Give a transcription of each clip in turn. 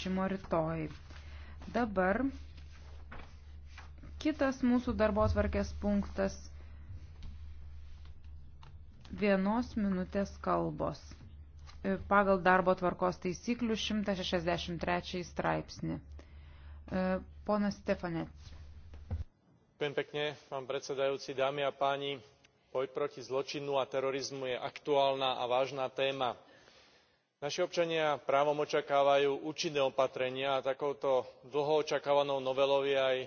pranešimo rytoj. Dabar kitas mūsų darbos varkės punktas - vienos minutės kalbos e, pagal darbo tvarkos taisyklių 163 straipsnį. E, ponas Stefanec. Ďakujem pekne, pán predsedajúci, dámy a páni. Boj proti zločinu a terorizmu je aktuálna a vážna téma naši občania právom očakávajú účinné opatrenia a takouto dlho očakávanou novelou je aj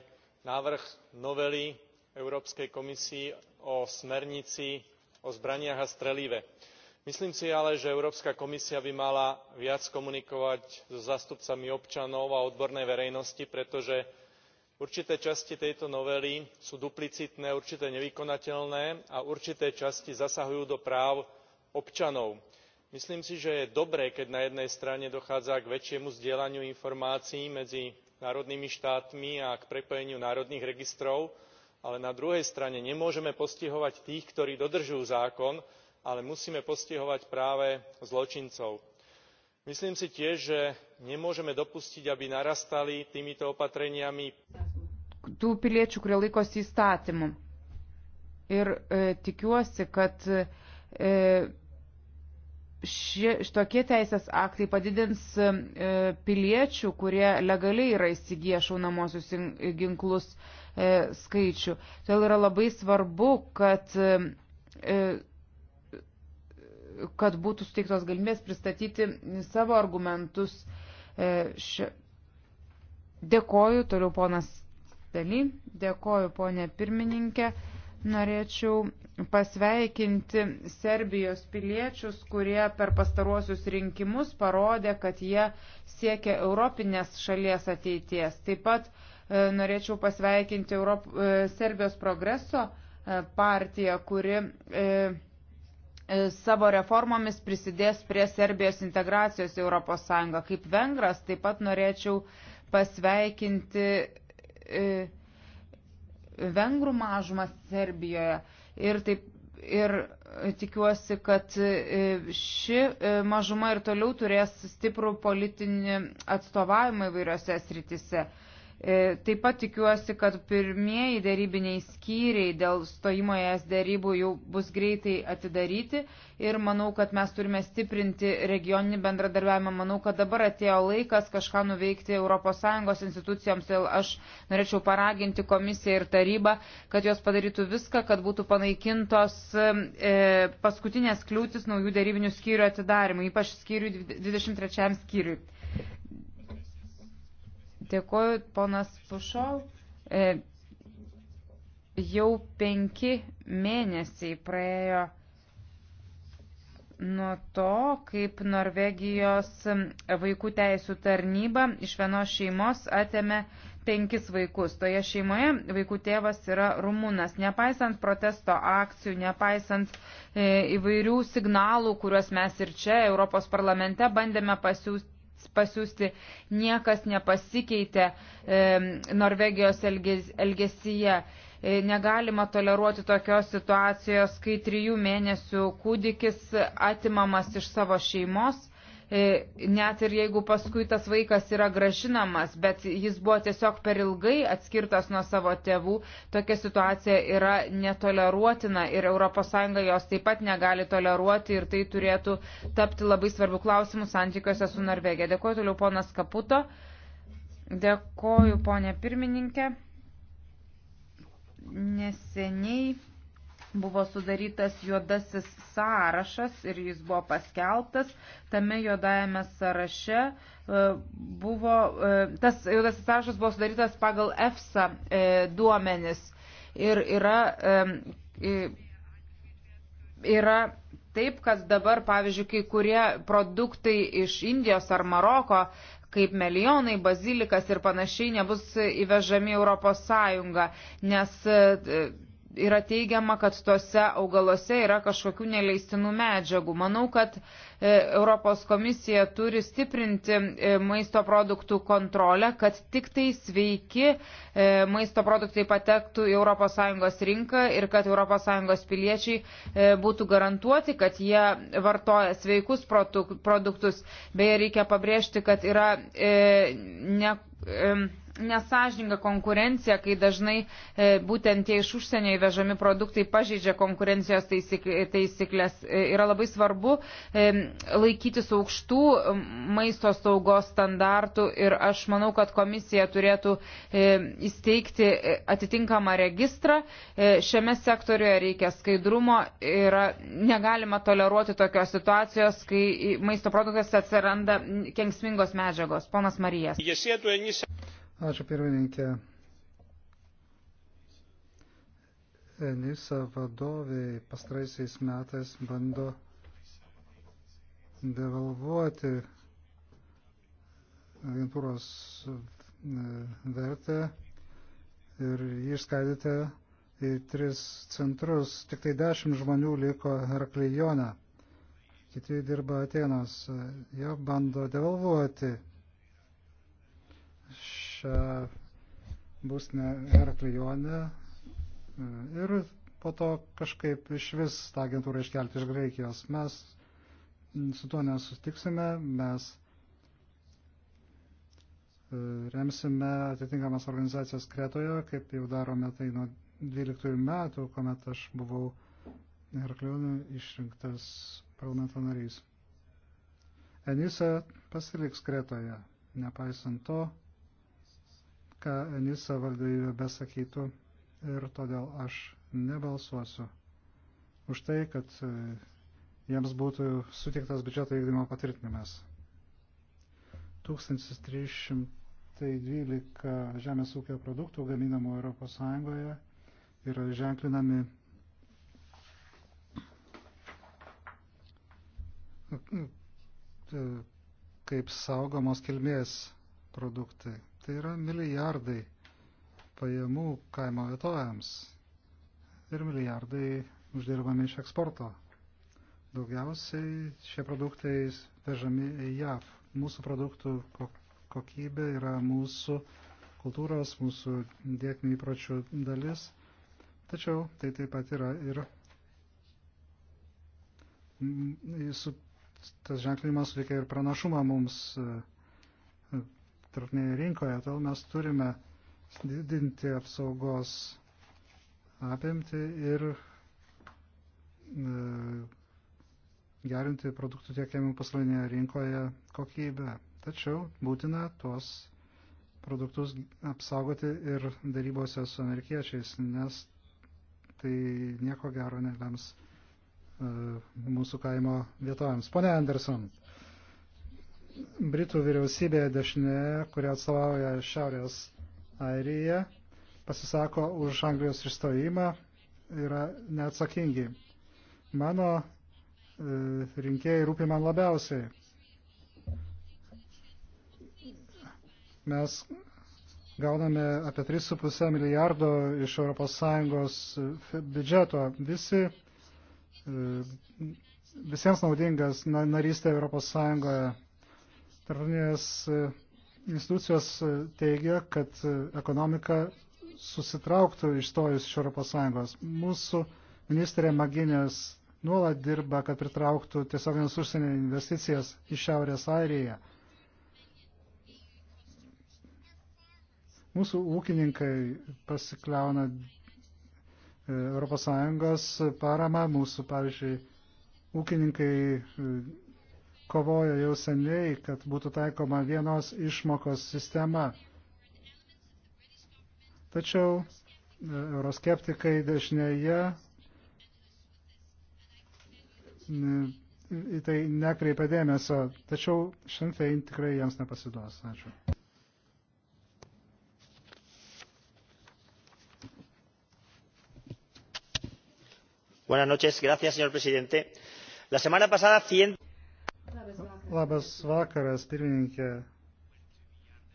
návrh novely európskej komisie o smernici o zbraniach a strelive. myslím si ale že európska komisia by mala viac komunikovať so zástupcami občanov a odbornej verejnosti pretože určité časti tejto novely sú duplicitné určité nevykonateľné a určité časti zasahujú do práv občanov myslím si že je dobré keď na jednej strane dochádza k väčšiemu zdieľaniu informácií medzi národnými štátmi a k prepojeniu národných registrov ale na druhej strane nemôžeme postihovať tých ktorí dodržujú zákon ale musíme postihovať práve zločincov. myslím si tiež že nemôžeme dopustiť aby narastali týmito opatreniami tų piliečių, kurie laikosi įstatymų. Ir e, tikiuosi, kad e, šie, šitokie teisės aktai padidins e, piliečių, kurie legaliai yra įsigiję šaunamosius ginklus e, skaičių. Todėl yra labai svarbu, kad, e, kad būtų suteiktos galimės pristatyti savo argumentus. E, ši... Dėkoju, toliau ponas Daly, dėkoju ponė pirmininkė. Norėčiau pasveikinti Serbijos piliečius, kurie per pastaruosius rinkimus parodė, kad jie siekia Europinės šalies ateities. Taip pat e, norėčiau pasveikinti Europ... E, Serbijos progreso e, partiją, kuri e, e savo reformomis prisidės prie Serbijos integracijos Europos Sąjungą. Kaip vengras taip pat norėčiau pasveikinti e, vengrų mažumą Serbijoje ir, taip, ir e, tikiuosi, kad e, ši e, mažuma ir toliau turės stiprų politinį atstovavimą įvairiose sritise. E, taip pat tikiuosi, kad pirmieji dėrybiniai skyriai dėl stojimo į es dėrybų jau bus greitai atidaryti ir manau, kad mes turime stiprinti regioninį bendradarbiavimą. Manau, kad dabar atėjo laikas kažką nuveikti ES institucijoms ir aš norėčiau paraginti komisiją ir tarybą, kad jos padarytų viską, kad būtų panaikintos e, paskutinės kliūtis naujų dėrybinių skyrių atidarimui, ypač skyrių 23 skyriui. Dėkoju, ponas Pušau. E, jau penki mėnesiai praėjo nuo to, kaip Norvegijos vaikų teisų tarnyba iš vienos šeimos atėmė penkis vaikus. Toje šeimoje vaikų tėvas yra rumūnas. Nepaisant protesto akcijų, nepaisant e, įvairių signalų, kuriuos mes ir čia Europos parlamente bandėme pasiūsti, pasiūsti, niekas nepasikeitė e, Norvegijos elges, elgesyje. E, negalima toleruoti tokios situacijos, kai trijų mėnesių kūdikis atimamas iš savo šeimos E, net ir jeigu paskui tas vaikas yra gražinamas, bet jis buvo tiesiog per ilgai atskirtas nuo savo tėvų, tokia situacija yra netoleruotina ir ES jos taip pat negali toleruoti ir tai turėtų tapti labai svarbių klausimų santykiuose su Norvegija. Dėkuoju toliau ponas Kaputo. Dėkuoju ponė pirmininkė. Neseniai buvo sudarytas juodasis sąrašas ir jis buvo paskeltas. Tame juodajame sąraše e, buvo, e, tas juodasis sąrašas buvo sudarytas pagal EFSA e, duomenis. Ir yra, yra taip, kad dabar, pavyzdžiui, kai kurie produktai iš Indijos ar Maroko kaip milijonai, bazilikas ir panašiai nebus įvežami Europos Sąjungą, nes yra teigiama, kad tuose augaluose yra kažkokių neleistinų medžiagų. Manau, kad e, Europos komisija turi stiprinti e, maisto produktų kontrolę, kad tik tai sveiki e, maisto produktai patektų į ES rinką ir kad ES piliečiai būtų garantuoti, kad jie vartoja sveikus produktus. Beje, reikia pabrėžti, kad yra ne nesažininga konkurencija, kai dažnai e, būtent tie iš užsienio įvežami produktai pažeidžia konkurencijos taisyklės. E, yra labai svarbu e, laikytis aukštų maisto saugos standartų ir aš manau, kad komisija turėtų e, įsteigti e, atitinkamą registrą. E, šiame sektoriuje reikia skaidrumo ir negalima toleruoti tokios situacijos, kai maisto produktuose atsiranda kenksmingos medžiagos. Ponas Marijas. Ačiū pirmininkė. Enisa vadoviai pastraisiais metais bando devalvuoti agentūros e, vertę ir jį išskaidėte į tris centrus. Tik tai dešimt žmonių liko Heraklijone, kiti dirba Atenos. Jie bando devalvuoti šią būsnę Heraklijonę e, ir po to kažkaip iš vis tą agentūrą iškelti iš Graikijos. Mes su tuo nesutiksime, mes e, remsime atitinkamas organizacijas Kretoje, kaip jau darome tai nuo 12 metų, kuomet aš buvau Heraklionė išrinktas parlamento narys. Enisa pasiliks Kretoje, nepaisant to, ką Enisa valdybė besakytų ir todėl aš nebalsuosiu už tai, kad e, jiems būtų sutiktas biudžeto įgdymo patvirtinimas. 1312 žemės ūkio produktų gaminamų ES yra ženklinami kaip saugomos kilmės produktai. Tai yra milijardai pajamų kaimo vietovėms ir milijardai uždirbami iš eksporto. Daugiausiai šie produktai vežami į JAV. Mūsų produktų kokybė yra mūsų kultūros, mūsų dėtinių įpročių dalis. Tačiau tai taip pat yra ir tas ženklimas suteikia ir pranašumą mums tarptautinėje rinkoje, todėl mes turime didinti apsaugos apimti ir e, gerinti produktų tiekėjimų pasaulinėje rinkoje kokybę. Tačiau būtina tuos produktus apsaugoti ir darybose su amerikiečiais, nes tai nieko gero nelems e, mūsų kaimo vietovėms. Pone Anderson. Britų vyriausybė dešinė, kurią atstovauja Šiaurės Airija, pasisako už Anglijos išstojimą, yra neatsakingi. Mano e, rinkėjai rūpi man labiausiai. Mes gauname apie 3,5 milijardo iš ES e, biudžeto. Visi, e, visiems naudingas narystė ES Tarptautinės e, institucijos e, teigia, kad e, ekonomika susitrauktų išstojus iš ES. Mūsų ministrė Maginės nuolat dirba, kad pritrauktų tiesioginės užsienio investicijas iš Šiaurės Airiją. Mūsų ūkininkai pasikliauna ES parama, mūsų, pavyzdžiui, ūkininkai kovojo jau seniai, kad būtų taikoma vienos išmokos sistema. Tačiau e, euroskeptikai dešinėje į tai nekreipia dėmesio, tačiau šiandien tikrai jiems nepasiduos. Ačiū. Buenas noches, gracias, señor presidente. La semana pasada 100. Labas vakaras, pirmininkė.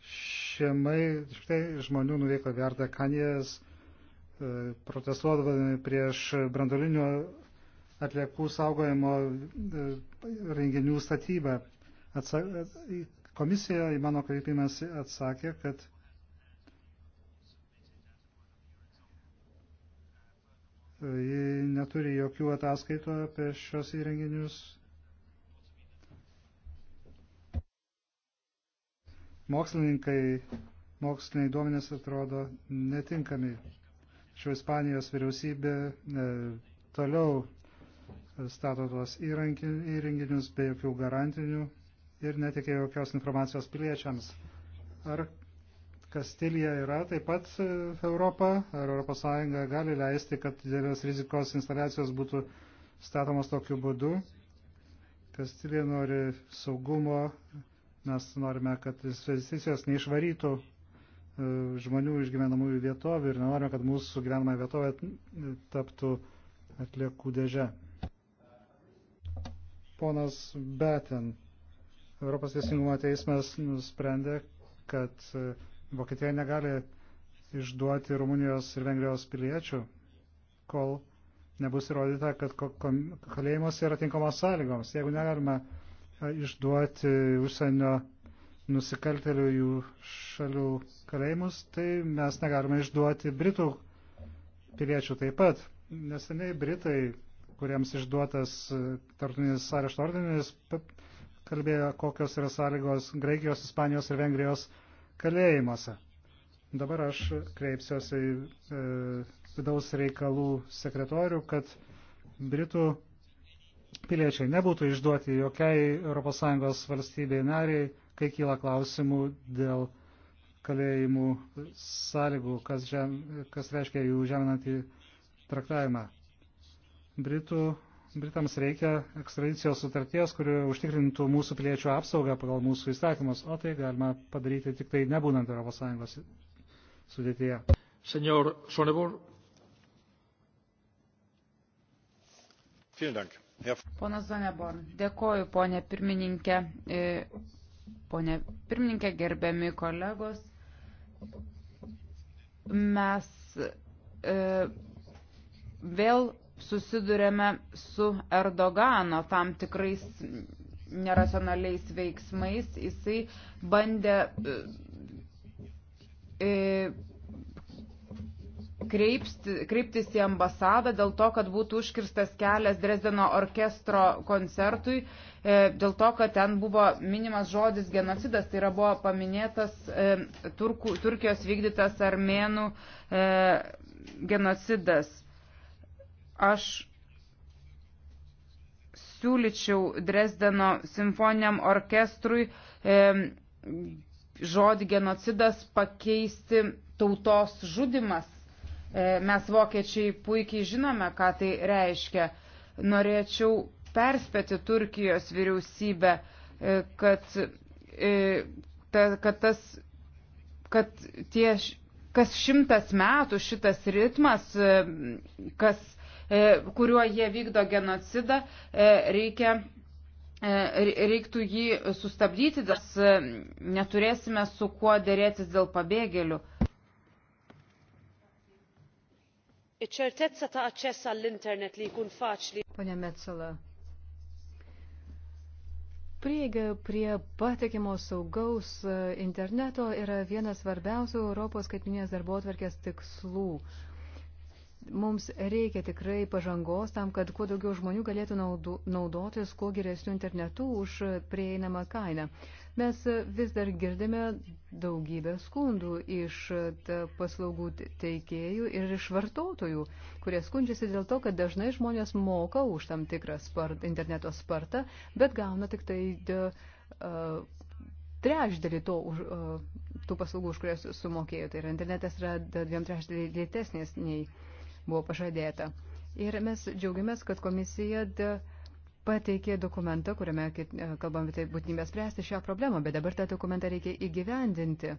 Šiemai štai žmonių nuvyko verda kanijas e, protestuodami prieš brandolinio atliekų saugojimo e, renginių statybą. Atsa komisija į mano kreipimąsi atsakė, kad neturi jokių ataskaitų apie šios įrenginius mokslininkai, moksliniai duomenys atrodo netinkami. Šio Ispanijos vyriausybė e, toliau stato tuos įrenginius be jokių garantinių ir netikė jokios informacijos piliečiams. Ar Kastilija yra taip pat e, Europa, ar ES gali leisti, kad didelės rizikos instaliacijos būtų statomos tokiu būdu? Kastilija nori saugumo Mes norime, kad investicijos neišvarytų e, žmonių iš gyvenamųjų vietovių ir nenorime, kad mūsų gyvenama vietovė e, taptų atliekų dėžė. Ponas Beten, Europos teisingumo teismas nusprendė, kad e, Vokietija negali išduoti Rumunijos ir Vengrijos piliečių, kol nebus įrodyta, kad kalėjimas yra tinkamas sąlygoms. Jeigu negalime išduoti užsienio nusikaltelių jų šalių kalėjimus, tai mes negalime išduoti Britų piliečių taip pat. Neseniai Britai, kuriems išduotas tartutinis arešto ordinis, kalbėjo, kokios yra sąlygos Graikijos, Ispanijos ir Vengrijos kalėjimuose. Dabar aš kreipsiuosi į e, vidaus reikalų sekretorių, kad Britų piliečiai nebūtų išduoti jokiai ES valstybei nariai, kai kyla klausimų dėl kalėjimų sąlygų, kas, žem, kas reiškia jų žeminantį traktavimą. Britų, Britams reikia ekstradicijos sutarties, kuri užtikrintų mūsų piliečių apsaugą pagal mūsų įstatymus, o tai galima padaryti tik tai nebūnant ES sudėtyje. Senor Sonebor. Vielen Dank. Ponas Zonebon, dėkoju, ponė pirmininkė. E, ponė pirmininkė, gerbiami kolegos, mes e, vėl susidurėme su Erdogano tam tikrais neracionaliais veiksmais. Jisai bandė e, e kreipsti, kreiptis į ambasadą dėl to, kad būtų užkirstas kelias Dresdeno orkestro koncertui, e, dėl to, kad ten buvo minimas žodis genocidas, tai yra buvo paminėtas e, Turku, Turkijos vykdytas armėnų e, genocidas. Aš siūlyčiau Dresdeno simfoniniam orkestrui žodį genocidas pakeisti tautos žudimas E, mes vokiečiai puikiai žinome, ką tai reiškia. Norėčiau perspėti Turkijos vyriausybę, e, kad, e, kad, tas, kad tie, kas šimtas metų šitas ritmas, kas, kuriuo jie vykdo genocidą, reikia reiktų jį sustabdyti, nes neturėsime su kuo dėrėtis dėl pabėgėlių. iċ-ċertezza ta' aċċess għall-internet li jkun faċli. Pone Metzola, prieiga prie patikimo saugaus e, interneto yra vienas svarbiausių Europos skaitminės darbotvarkės tikslų. Mums reikia tikrai pažangos tam, kad kuo daugiau žmonių galėtų naudu, naudotis kuo geresnių internetų už prieinamą kainą. Mes vis dar girdime daugybę skundų iš paslaugų teikėjų ir iš vartotojų, kurie skundžiasi dėl to, kad dažnai žmonės moka už tam tikrą spart, interneto spartą, bet gauna tik tai uh, trešdėlį to, už, uh, tų paslaugų, už kurias sumokėjo. Tai yra internetas yra dviem trešdėlį lėtesnės nei buvo pažadėta. Ir mes džiaugiamės, kad komisija. De, uh, pateikė dokumentą, kuriame e, kalbame tai būtinybę spręsti šią problemą, bet dabar tą dokumentą reikia įgyvendinti.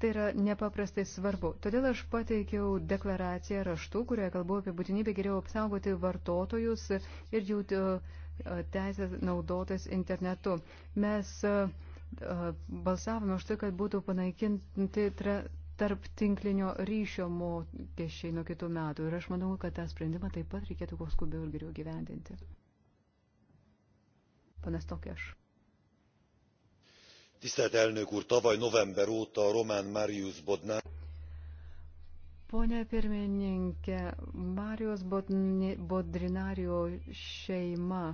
Tai yra nepaprastai svarbu. Todėl aš pateikiau deklaraciją raštu, kurioje kalbu apie būtinybę geriau apsaugoti vartotojus ir jų e, e, teisės naudotis internetu. Mes balsavome už tai, kad būtų panaikinti tarp tinklinio ryšio mokesčiai nuo kitų metų. Ir aš manau, kad tą sprendimą taip pat reikėtų kuo skubiau ir geriau gyvendinti. Panas Tokias. Tisztelt elnök úr, tavaly november óta a román Marius Bodnár. Pone pirmininkė, Marijos Bodrinario šeima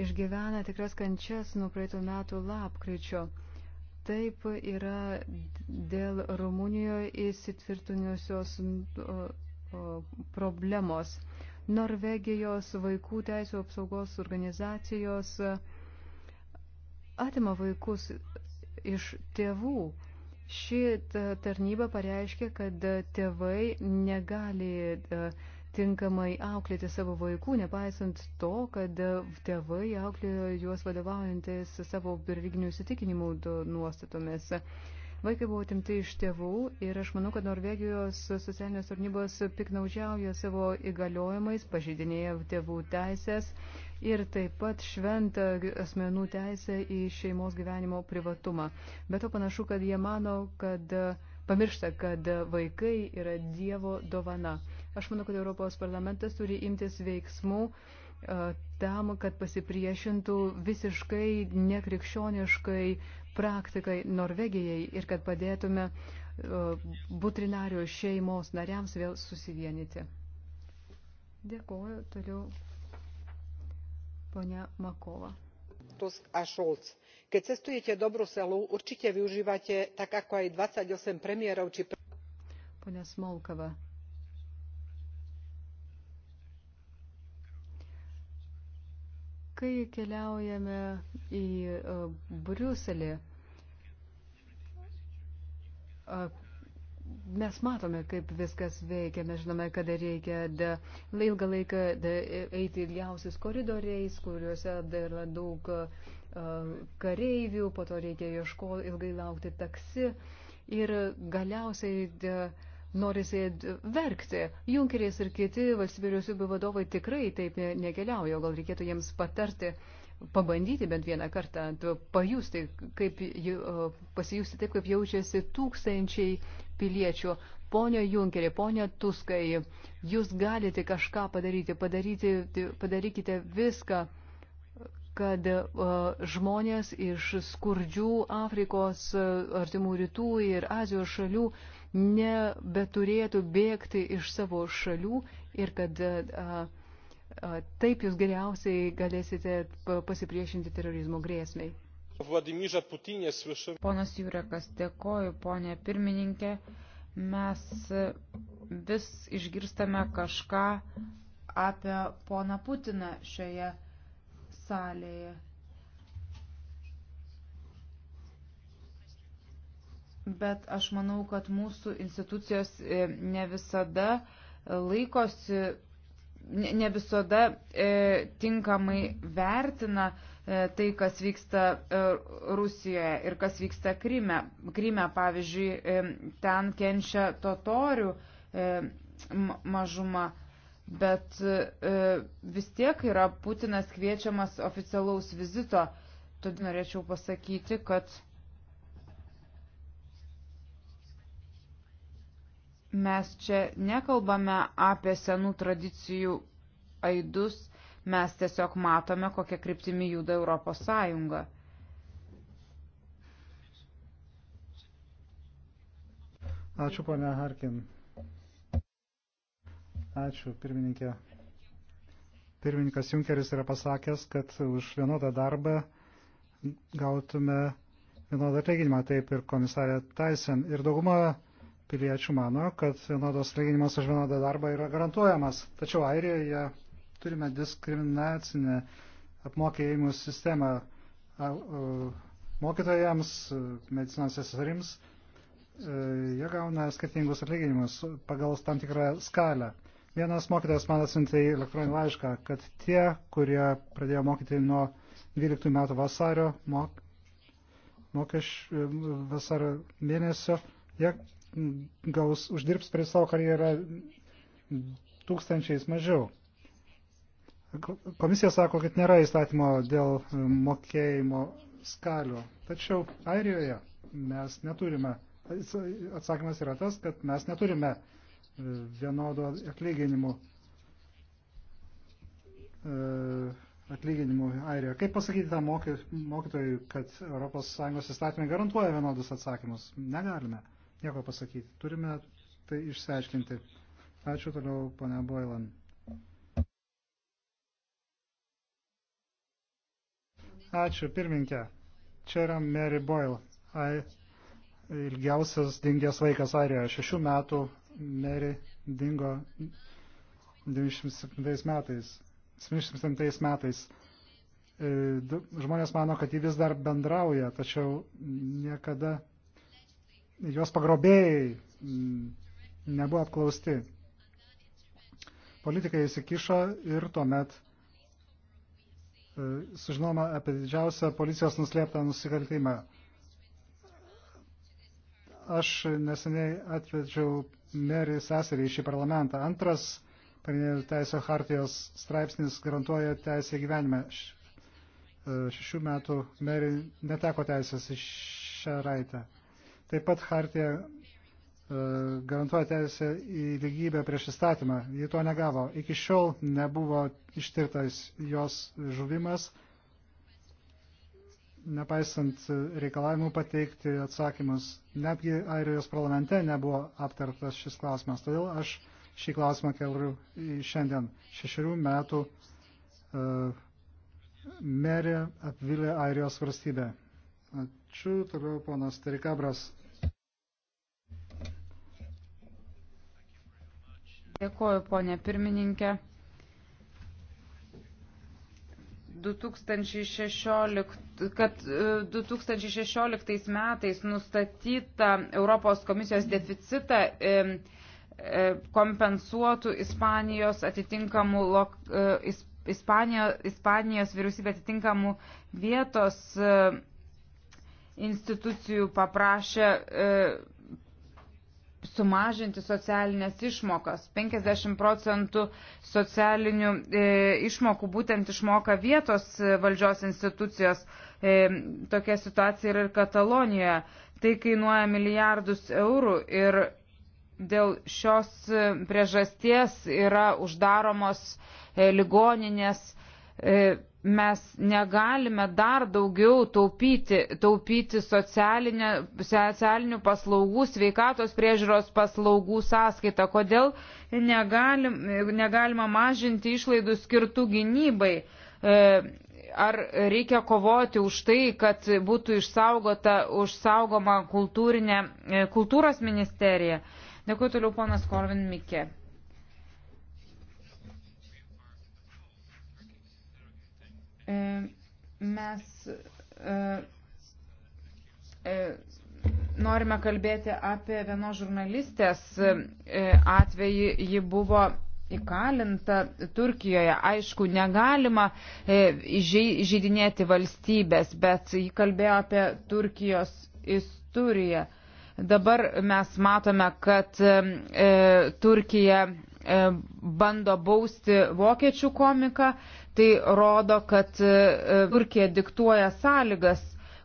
išgyvena tikras kančias nuo praeitų metų lapkričio. Taip yra dėl Rumunijoje įsitvirtinusios problemos. Norvegijos vaikų teisų apsaugos organizacijos e, atima vaikus iš tėvų. Ši tarnyba pareiškia, kad tėvai negali e, tinkamai auklėti savo vaikų, nepaisant to, kad e, tėvai auklėjo juos vadovaujantis savo religinių įsitikinimų nuostatomis. Vaikai buvo timti iš tėvų ir aš manau, kad Norvegijos socialinės tarnybos piknaudžiauja savo įgaliojimais, pažydinėja tėvų teisės ir taip pat šventa asmenų teisė į šeimos gyvenimo privatumą. Bet to panašu, kad jie mano, kad pamiršta, kad vaikai yra Dievo dovana. Aš manau, kad Europos parlamentas turi imtis veiksmų E, tam, kad pasipriešintų visiškai nekrikščioniškai praktikai Norvegijai ir kad padėtume e, butrinario šeimos nariams vėl susivienyti. Dėkuoju, toliau ponia Makova. Tusk a Šulc. Keď cestujete do Bruselu, určite využívate tak ako aj 28 premiérov či... Ponia Smolkova Kai keliaujame į e, Briuselį, mes matome, kaip viskas veikia. Mes žinome, kada reikia da, ilgą laiką da, e, eiti ilgiausiais koridoriais, kuriuose yra daug a, kareivių, po to reikia ieško, ilgai laukti taksi. Ir galiausiai da, norisi verkti. Junkeris ir kiti valstybėrių vadovai tikrai taip nekeliauja, gal reikėtų jiems patarti pabandyti bent vieną kartą, pajusti, kaip, pasijusti taip, kaip jaučiasi tūkstančiai piliečių. Pone Junkerį, pone Tuskai, jūs galite kažką padaryti, padaryti padarykite viską, kad uh, žmonės iš skurdžių Afrikos, uh, Artimų rytų ir Azijos šalių uh, nebeturėtų bėgti iš savo šalių ir kad a, a, taip jūs geriausiai galėsite pasipriešinti terorizmo grėsmiai. Ponas Jurekas, dėkoju, ponė pirmininkė. Mes vis išgirstame kažką apie poną Putiną šioje salėje. bet aš manau, kad mūsų institucijos e, ne visada e, laikosi, ne visada e, tinkamai vertina tai, kas vyksta Rusijoje ir kas vyksta Kryme. Kryme, pavyzdžiui, ten kenčia totorių mažuma. Bet e, vis tiek yra Putinas kviečiamas oficialaus vizito. Todėl norėčiau pasakyti, kad Mes čia nekalbame apie senų tradicijų aidus, mes tiesiog matome, kokia kryptimi juda Europos Sąjunga. Ačiū, ponia Harkin. Ačiū, pirmininkė. Pirmininkas Junkeris yra pasakęs, kad už vienodą darbą gautume vienodą atlyginimą, taip ir komisarė Tyson. Ir dauguma piliečių mano, kad vienodos atlyginimas už vienodą darbą yra garantuojamas. Tačiau Airijoje turime diskriminacinę apmokėjimų sistemą mokytojams, medicinos sesarims. E, jie gauna skirtingus atlyginimus pagal tam tikrą skalę. Vienas mokytojas man atsintė elektroninį laišką, kad tie, kurie pradėjo mokyti nuo 12 metų vasario, mok, mokeš, e, vasario mėnesio, jie gaus, uždirbs prie savo karjerą tūkstančiais mažiau. Komisija sako, kad nėra įstatymo dėl mokėjimo skalių. Tačiau Airijoje mes neturime, atsakymas yra tas, kad mes neturime vienodo atlyginimų atlyginimų Airijoje. Kaip pasakyti tam mokytojui, kad ES įstatymai garantuoja vienodus atsakymus? Negalime nieko pasakyti. Turime tai išsiaiškinti. Ačiū toliau, ponia Boilan. Ačiū, pirminkė. Čia yra Mary Boyle. Ai, ilgiausias dingęs vaikas Airijoje. Šešių metų Mary dingo 97 metais. 77 metais. E, žmonės mano, kad jį vis dar bendrauja, tačiau niekada jos pagrobėjai mm, nebuvo apklausti. Politikai įsikišo ir tuomet e, sužinoma apie didžiausią policijos nuslėptą nusikaltimą. Aš neseniai atvedžiau Mary seserį į šį parlamentą. Antras pagrindinių teisų hartijos straipsnis garantuoja teisę gyvenime. Šešių metų Mary neteko teisės iš šią raitę. Taip pat Hartija e, garantuoja teisę į lygybę prieš įstatymą. Ji to negavo. Iki šiol nebuvo ištirtas jos žuvimas, nepaisant reikalavimų pateikti atsakymus. Netgi Airijos parlamente nebuvo aptartas šis klausimas. Todėl aš šį klausimą keliu šiandien. Šešerių metų uh, merė apvilė Airijos valstybę. Ačiū, toliau ponas Terikabras. Dėkoju, ponė pirmininkė. 2016, kad 2016 e, metais nustatytą Europos komisijos deficitą e, e, kompensuotų Ispanijos atitinkamų Ispanijos, Ispanijos vyriausybė atitinkamų vietos institucijų paprašė sumažinti socialinės išmokas. 50 procentų socialinių e, išmokų būtent išmoka vietos e, valdžios institucijos. E, tokia situacija yra ir Katalonijoje. Tai kainuoja milijardus eurų ir dėl šios e, priežasties yra uždaromos e, ligoninės, e, E, mes negalime dar daugiau taupyti, taupyti socialinių paslaugų, sveikatos priežiūros paslaugų sąskaitą. Kodėl negalim, negalima mažinti išlaidų skirtų gynybai? E, ar reikia kovoti už tai, kad būtų išsaugota, užsaugoma e, kultūros ministerija? Dėkui toliau, ponas Korvin Mikė. E, mes e, e, norime kalbėti apie vienos žurnalistės atvejį. Ji buvo įkalinta Turkijoje. Aišku, negalima žydinėti valstybės, bet ji kalbėjo apie Turkijos istoriją. Dabar mes matome, kad e, Turkija e, bando bausti vokiečių komiką, Tai rodo, kad e, Turkija diktuoja sąlygas,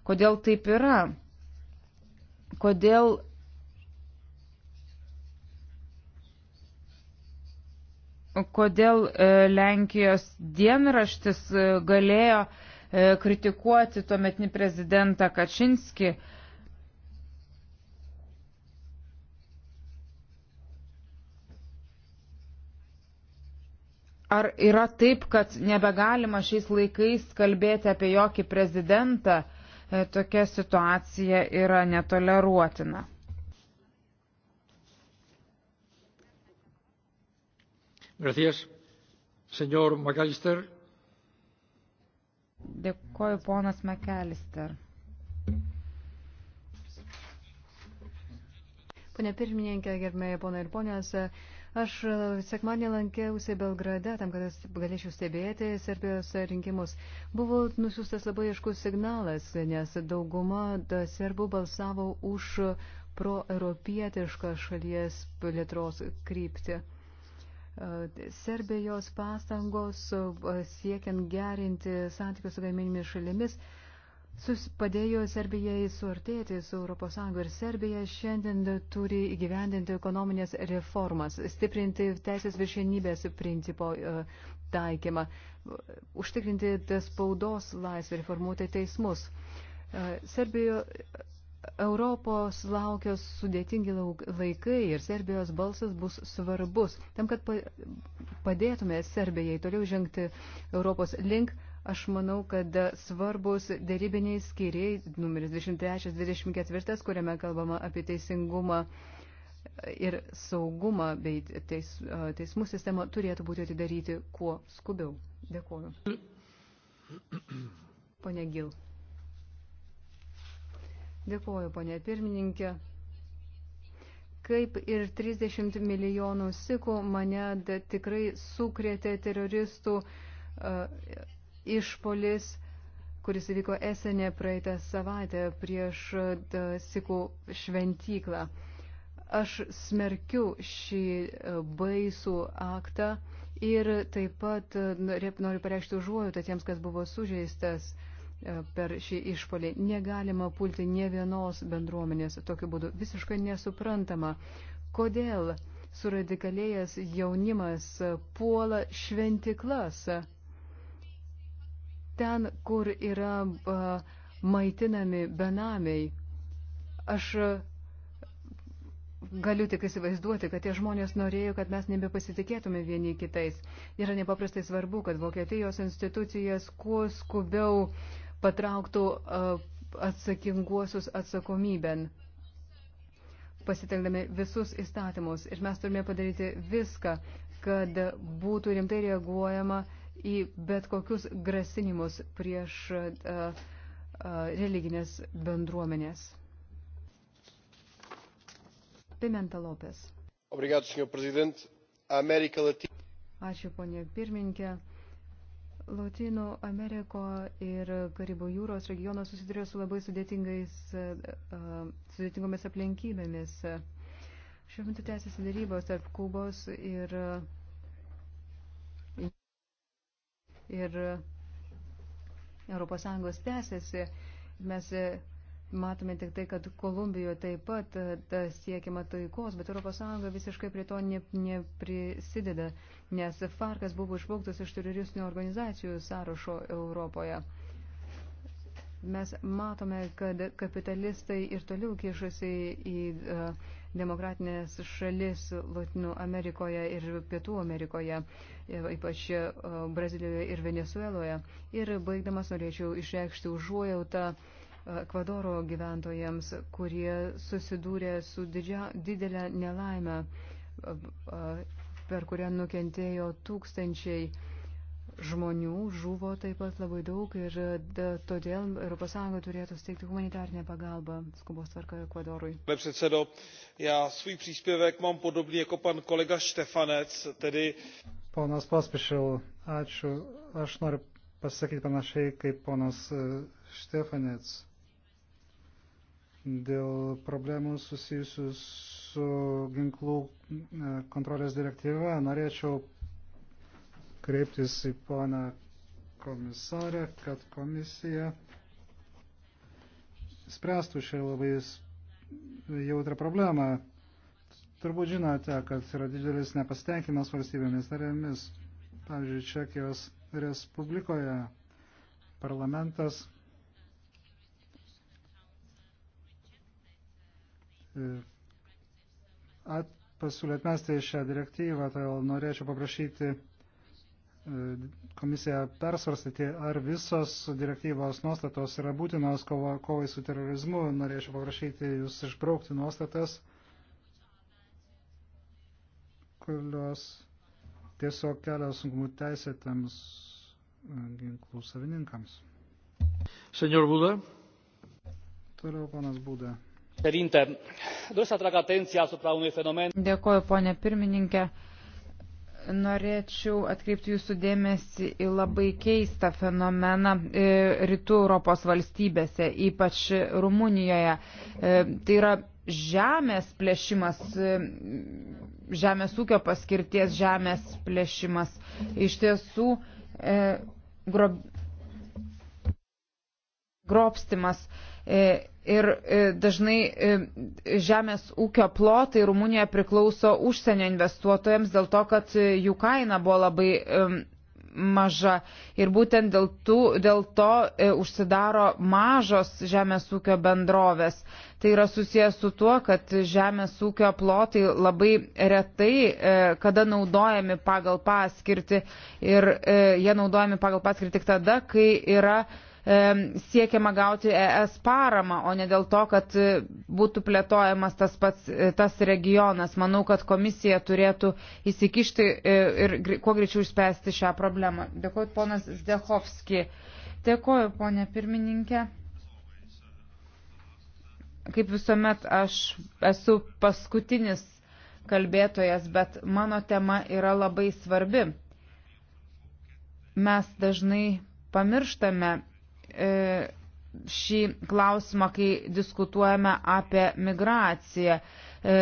kodėl taip yra, kodėl kodėl e, Lenkijos dienraštis e, galėjo kritikuoti tuometinį prezidentą Kačinskį, Ar yra taip, kad nebegalima šiais laikais kalbėti apie jokį prezidentą? E, tokia situacija yra netoleruotina. Gracias, señor McAllister. Dėkuoju, ponas McAllister. Pane pirmininkė, gerbėjai ponai ir ponės, Aš e, sekmanį lankiausi Belgrade, tam, kad galėčiau stebėti Serbijos rinkimus. Buvo nusiustas labai aiškus signalas, nes dauguma serbų balsavo už proeuropietišką šalies plėtros kryptį. E, Serbijos pastangos e, siekiant gerinti santykius su gaiminimis šalimis Sus padėjo Serbijai suartėti su ES ir Serbija šiandien turi įgyvendinti ekonominės reformas, stiprinti teisės viršienybės principo e, taikymą, užtikrinti spaudos laisvę, reformuoti teismus. E, Serbijo, Europos laukia sudėtingi laikai ir Serbijos balsas bus svarbus. Tam, kad padėtume Serbijai toliau žengti Europos link, Aš manau, kad svarbus dėrybiniai skiriai, numeris 23-24, kuriame kalbama apie teisingumą ir saugumą bei teis, teismų sistemą, turėtų būti atidaryti kuo skubiau. Dėkuoju. Pone Gil. Dėkuoju, ponė pirmininkė. Kaip ir 30 milijonų sikų mane tikrai sukrėtė teroristų uh, išpolis, kuris įvyko Esenė praeitą savaitę prieš Sikų šventyklą. Aš smerkiu šį e, baisų aktą ir taip pat e, noriu pareikšti užuojautą tiems, kas buvo sužeistas e, per šį išpolį. Negalima pulti ne vienos bendruomenės tokiu būdu. Visiškai nesuprantama, kodėl suradikalėjęs jaunimas puola šventiklas ten, kur yra maitinami benamiai. Aš galiu tik įsivaizduoti, kad tie žmonės norėjo, kad mes nebepasitikėtume vieni kitais. Yra nepaprastai svarbu, kad Vokietijos institucijas kuo skubiau patrauktų atsakinguosius atsakomybėn, pasitelkdami visus įstatymus. Ir mes turime padaryti viską, kad būtų rimtai reaguojama į bet kokius grasinimus prieš religinės bendruomenės. Pimenta Lopes. Obrigado, senhor presidente. América Latina. Ačiū, ponė pirmininkė. Latino Ameriko ir Karibų jūros regionas susiduria su labai sudėtingais, sudėtingomis aplinkybėmis. Šiuo metu tęsiasi darybos tarp Kubos ir ir ES tęsiasi. Mes matome tik tai, kad Kolumbijoje taip pat e, ta siekiama taikos, bet ES visiškai prie to neprisideda, nes Farkas buvo išvauktas iš teroristinių organizacijų sąrašo Europoje. Mes matome, kad kapitalistai ir toliau kišasi į e, demokratinės šalis Latino Amerikoje ir Pietų Amerikoje, e, ypač e, Brazilijoje ir Venezueloje. Ir baigdamas norėčiau išreikšti užuojautą Ekvadoro gyventojams, kurie susidūrė su didžia, didelė nelaime, per kurią nukentėjo tūkstančiai žmonių žuvo taip pat labai daug ir da, todėl ES turėtų steigti humanitarnę pagalbą skubos tvarka Ekvadorui. Pane předsedo, já svůj příspěvek mám podobný jako pan kolega Štefanec, tedy... Ponas Pospišil, ačiū. Aš noriu pasakyti panašiai kaip ponas e, Štefanec dėl problemų susijusių su ginklų e, kontrolės direktyva. Norėčiau kreiptis į poną komisarę, kad komisija spręstų šią labai jautrą problemą. Turbūt žinote, kad yra didelis nepasitenkimas valstybėmis narėmis. Pavyzdžiui, Čekijos Respublikoje parlamentas pasiūlė atmesti šią direktyvą, tai norėčiau paprašyti E, komisija persvarstyti, ar visos direktyvos nuostatos yra būtinos kovo, kovai su terorizmu. Norėčiau paprašyti jūs išbraukti nuostatas, kurios tiesiog kelia sunkumų teisėtams e, ginklų savininkams. Senior Būda. Toliau panas Būda. Doresc să atrag atenția asupra unui fenomen. Dėkuoju, ponė pirmininkė. Norėčiau atkreipti jūsų dėmesį į labai keistą fenomeną e, rytų Europos valstybėse, ypač Rumunijoje. E, tai yra žemės plėšimas, e, žemės ūkio paskirties žemės plėšimas. Iš tiesų, grob, grobstimas. E, Ir e, dažnai e, žemės ūkio plotai Rumunijoje priklauso užsienio investuotojams dėl to, kad jų kaina buvo labai e, maža. Ir būtent dėl, tų, dėl to e, užsidaro mažos žemės ūkio bendrovės. Tai yra susijęs su tuo, kad žemės ūkio plotai labai retai, e, kada naudojami pagal paskirtį. Ir e, jie naudojami pagal paskirtį tik tada, kai yra. E, siekiama gauti ES paramą, o ne dėl to, kad e, būtų plėtojamas tas pats e, tas regionas. Manau, kad komisija turėtų įsikišti e, ir kuo greičiau išspręsti šią problemą. Dėkuoju, ponas Zdechovski. Dėkuoju, ponė pirmininkė. Kaip visuomet, aš esu paskutinis kalbėtojas, bet mano tema yra labai svarbi. Mes dažnai pamirštame E, šį klausimą, kai diskutuojame apie migraciją. E,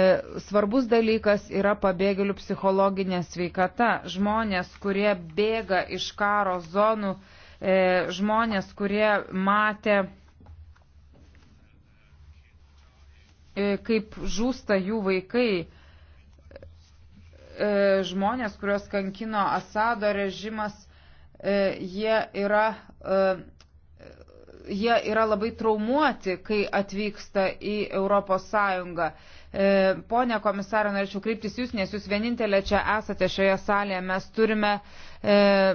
svarbus dalykas yra pabėgėlių psichologinė sveikata. Žmonės, kurie bėga iš karo zonų, e, žmonės, kurie matė, kaip žūsta jų vaikai, žmonės, kuriuos kankino Asado režimas, jie yra jie yra labai traumuoti, kai atvyksta į Europos Sąjungą. E, pone komisarą, norėčiau kreiptis jūs, nes jūs vienintelė čia esate šioje salėje. Mes turime e,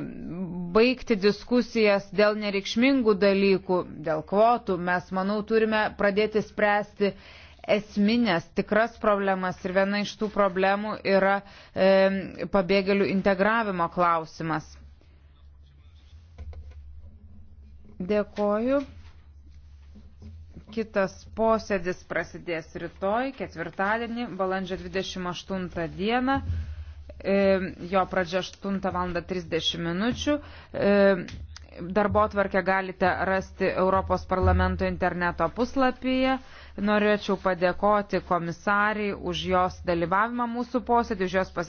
baigti diskusijas dėl nereikšmingų dalykų, dėl kvotų. Mes, manau, turime pradėti spręsti esminės, tikras problemas ir viena iš tų problemų yra e, pabėgėlių integravimo klausimas. Dėkoju. Kitas posėdis prasidės rytoj, ketvirtadienį, balandžio 28 dieną. E, jo pradžia 8 val. 30 minučių. E, darbo tvarkę galite rasti Europos parlamento interneto puslapyje. Norėčiau padėkoti komisariai už jos dalyvavimą mūsų posėdį, už jos pasisakymą.